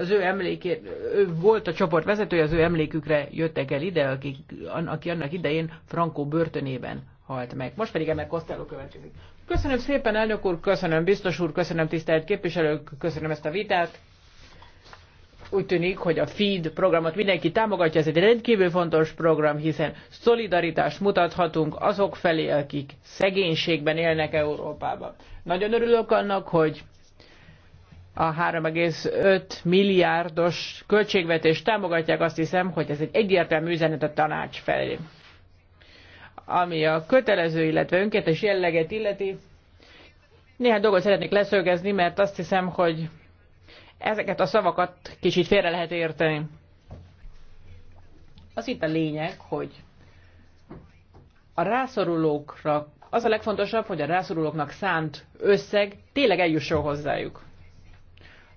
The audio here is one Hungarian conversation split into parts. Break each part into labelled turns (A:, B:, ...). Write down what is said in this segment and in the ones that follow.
A: az ő emléké, ő volt a csoport vezetője, az ő emlékükre jöttek el ide, aki, aki annak idején Frankó börtönében halt meg. Most pedig Emel Costello következik. Köszönöm szépen, elnök úr, köszönöm biztos úr, köszönöm tisztelt képviselők, köszönöm ezt a vitát. Úgy tűnik, hogy a FEED programot mindenki támogatja, ez egy rendkívül fontos program, hiszen szolidaritást mutathatunk azok felé, akik szegénységben élnek Európában. Nagyon örülök annak, hogy a 3,5 milliárdos költségvetést támogatják, azt hiszem, hogy ez egy egyértelmű üzenet a tanács felé. Ami a kötelező, illetve önkéntes jelleget illeti, néhány dolgot szeretnék leszögezni, mert azt hiszem, hogy ezeket a szavakat kicsit félre lehet érteni. Az itt a lényeg, hogy a rászorulókra az a legfontosabb, hogy a rászorulóknak szánt összeg tényleg eljusson hozzájuk.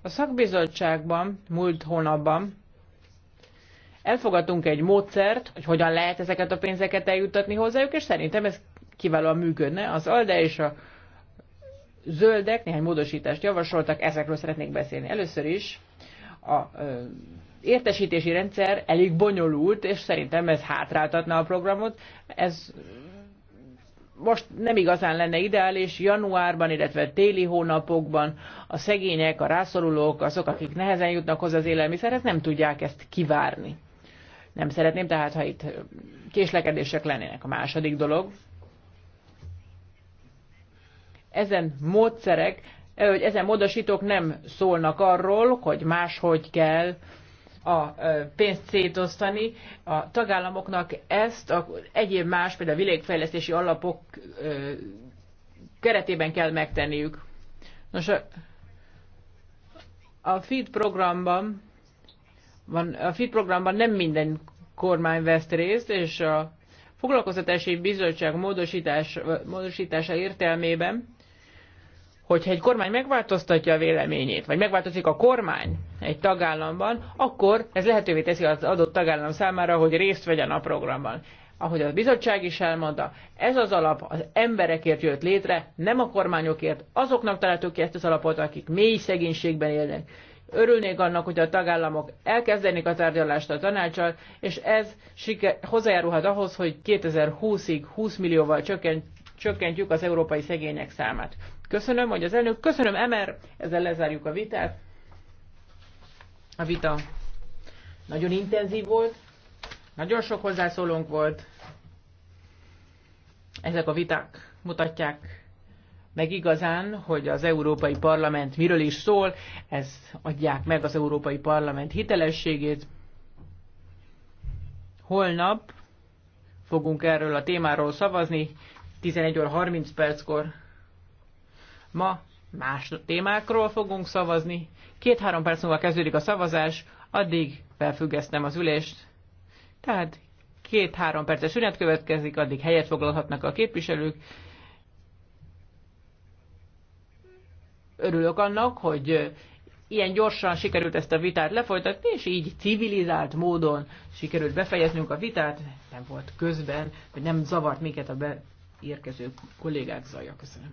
A: A szakbizottságban múlt hónapban elfogadtunk egy módszert, hogy hogyan lehet ezeket a pénzeket eljuttatni hozzájuk, és szerintem ez kiválóan működne. Az ALDE és a zöldek néhány módosítást javasoltak, ezekről szeretnék beszélni. Először is a értesítési rendszer elég bonyolult, és szerintem ez hátráltatna a programot. Ez most nem igazán lenne ideális, januárban, illetve téli hónapokban a szegények, a rászorulók, azok, akik nehezen jutnak hozzá az élelmiszerhez, nem tudják ezt kivárni. Nem szeretném, tehát ha itt késlekedések lennének. A második dolog, ezen módszerek, eh, hogy ezen módosítók nem szólnak arról, hogy máshogy kell a pénzt szétosztani. A tagállamoknak ezt a egyéb más, például a világfejlesztési alapok keretében kell megtenniük. Nos, a, a FIT programban van, a FIT programban nem minden kormány vesz részt, és a foglalkoztatási bizottság módosítás, módosítása értelmében hogyha egy kormány megváltoztatja a véleményét, vagy megváltozik a kormány egy tagállamban, akkor ez lehetővé teszi az adott tagállam számára, hogy részt vegyen a programban. Ahogy a bizottság is elmondta, ez az alap az emberekért jött létre, nem a kormányokért. Azoknak találtuk ki ezt az alapot, akik mély szegénységben élnek. Örülnék annak, hogy a tagállamok elkezdenék a tárgyalást a tanácsal, és ez siker, hozzájárulhat ahhoz, hogy 2020-ig 20 millióval csökkent, csökkentjük az európai szegények számát. Köszönöm, hogy az elnök, köszönöm, Emer, ezzel lezárjuk a vitát. A vita nagyon intenzív volt, nagyon sok hozzászólónk volt. Ezek a viták mutatják meg igazán, hogy az Európai Parlament miről is szól, ez adják meg az Európai Parlament hitelességét. Holnap fogunk erről a témáról szavazni, 11 óra 30 perckor. Ma más témákról fogunk szavazni. Két-három perc múlva kezdődik a szavazás, addig felfüggesztem az ülést. Tehát két-három perces szünet következik, addig helyet foglalhatnak a képviselők. Örülök annak, hogy ilyen gyorsan sikerült ezt a vitát lefolytatni, és így civilizált módon sikerült befejeznünk a vitát, nem volt közben, vagy nem zavart minket a be érkező kollégák zajja. Köszönöm.